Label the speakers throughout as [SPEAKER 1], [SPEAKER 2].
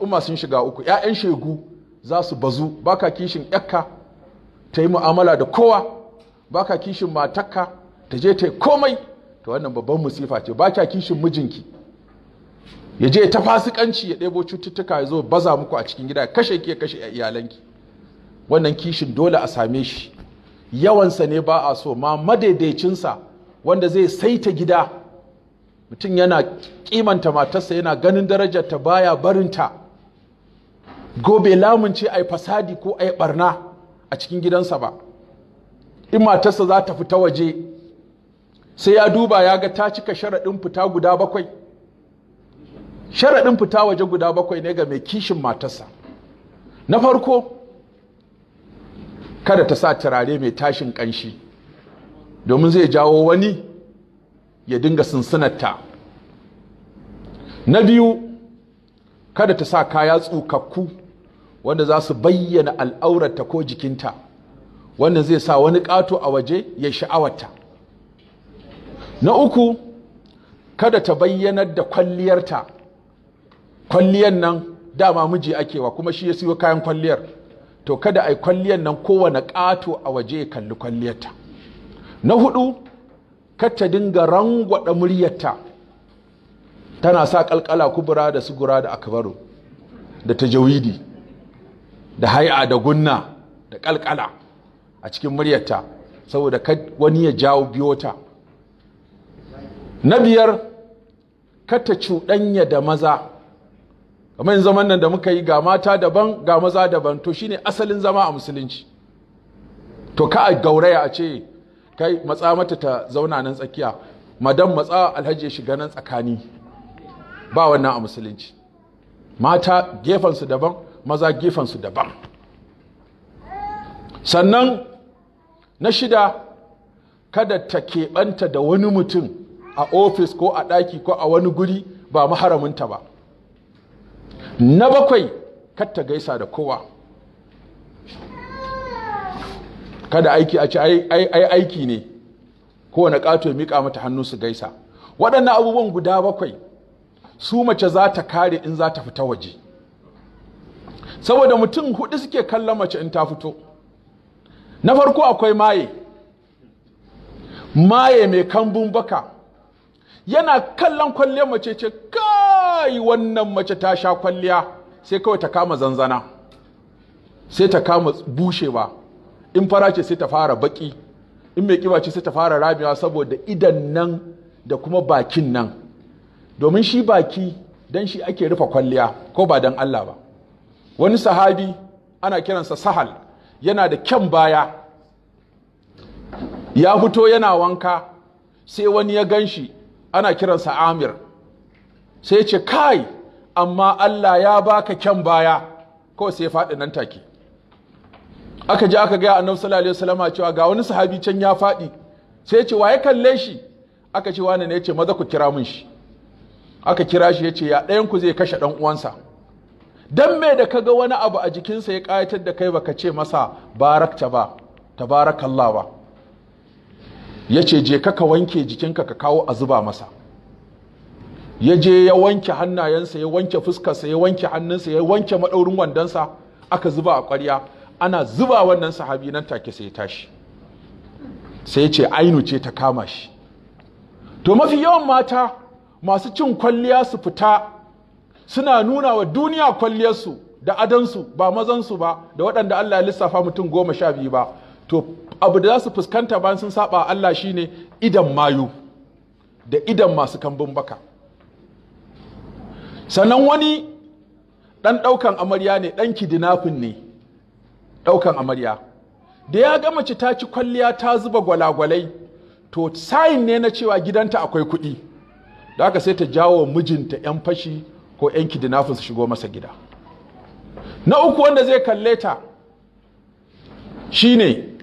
[SPEAKER 1] umma sun shiga uku Ya'yan shegu za su bazu baka kishin yakka ta yi mu'amala da kowa baka kishin matakka ta je ta yi komai Ta wannan babban musifa ce baka kishin mijinki ya je ta fasikanci ya ɗebo cututtuka ya zo baza muku a cikin gida kashe ki ya kashe iyalanki wannan kishin dole a same shi yawansa ne ba a so ma madaidaicinsa wanda zai saita gida mutum yana kimanta matarsa yana ganin darajarta baya barinta gobe Lamun ce a yi fasadi ko a yi barna a cikin gidansa ba in matarsa za ta fita waje sai ya duba ya ga ta cika sharaɗin fita guda bakwai sharaɗin fita waje guda bakwai ne ga mai kishin matarsa na farko kada ta sa turare mai tashin ƙanshi domin zai jawo wani ya dinga ta. na biyu kada ta sa kaya tsukakku wanda za su bayyana al'aurarta ko jikinta wanda zai sa wani ƙato a waje ya sha'awarta na uku kada ta bayyanar da kwalliyarta kwalliyar nan dama miji akewa kuma shi ya siyo kayan kwalliyar to kada a yi kwalliyar nan kowane ƙato a waje ya kalli kwalliyarta na hudu ta dinga rangwada muryarta tana sa kalkala kubura da sugura da akabaru da tajawidi da hai'a da gunna da kalkala a cikin muryarta saboda wani ya jawo biyota na biyar kata cuɗanya da maza kamar yin zaman nan da muka yi ga mata daban ga maza daban to shine asalin zama a musulunci to ka a gauraya a ce kai matsa mata ta zauna nan tsakiya madan matsa alhaji ya shiga nan tsakani ba wannan a musulunci mata gefensu daban maza gefansu daban sannan na shida kada ta keɓanta da wani mutum a ofis ko a ɗaki ko a wani guri ba maharaminta ba na bakwai ta gaisa da kowa kada aiki a ci ai aiki ne kowane ƙato ya miƙa mata hannu su gaisa waɗannan abubuwan guda bakwai su mace za ta kare in za ta fita waje saboda mutum hudu suke kallon mace in ta fito na farko akwai maye maye mai kambun baka yana kallon kwalliyar mace ce kai wannan mace ta sha kwalliya sai kawai ta kama zanzana sai ta kama bushewa in fara ce sai ta fara baki in mai kiba ce sai ta fara rabewa saboda idan nan da kuma bakin nan domin shi baki don shi ake rufe kwalliya ko ba don Allah ba wani sahabi ana kiransa sahal yana da kyan baya ya fito yana wanka sai wani ya gan shi ana kiransa amir sai ce kai amma allah ya baka kyan baya kawai sai ya faɗi nan take aka ji aka gaya annabi sallallahu alaihi wasallam cewa ga wani sahabi can ya faɗi sai ce wa ya kalle shi aka ce wani ne ya ce maza ku kira mun shi aka kira shi ya ce ya ɗayan ku zai kashe ɗan uwansa Don me da kaga wani abu a jikinsa ya ƙayatar da kai baka ce masa ta ba tabarakallah ba ya ce je ka wanke jikinka ka kawo a zuba masa ya je ya wanke hannayensa ya wanke fuskarsa ya wanke hannunsa ya wanke maɗaurin wandonsa aka zuba a ƙwarya ana zuba wannan sahabi nan take sai ya tashi sai ce ainu ce ta kama shi to mafi yawan mata masu cin kwalliya su fita suna nuna wa duniya kwalliyarsu da adansu ba mazansu ba da waɗanda Allah ya lissafa mutum goma sha biyu ba to abu da za su fuskanta bayan sun saba Allah shine idan mayu da idan masu kambun baka sannan wani ɗan ɗaukan amarya ne ɗan kidinafin ne ɗaukan amarya da ya ga mace ta ci kwalliya ta zuba gwalagwalai to sayin ne na cewa gidanta akwai kuɗi da aka sai ta jawo mijinta 'yan fashi ko 'yan kidinafin su shigo masa gida na uku wanda zai kalle ta shine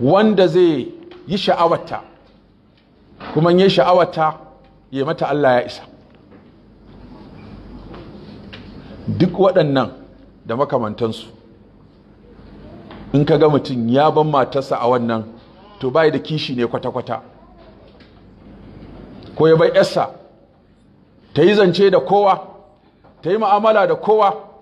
[SPEAKER 1] wanda zai yi sha'awata, kuma yi sha'awata ya mata Allah ya isa duk waɗannan da makamantansu in ka ga mutum ya ban matarsa a wannan to bai da kishi ne kwata-kwata ko ya bai yarsa ta yi zance da kowa ta yi ma'amala da kowa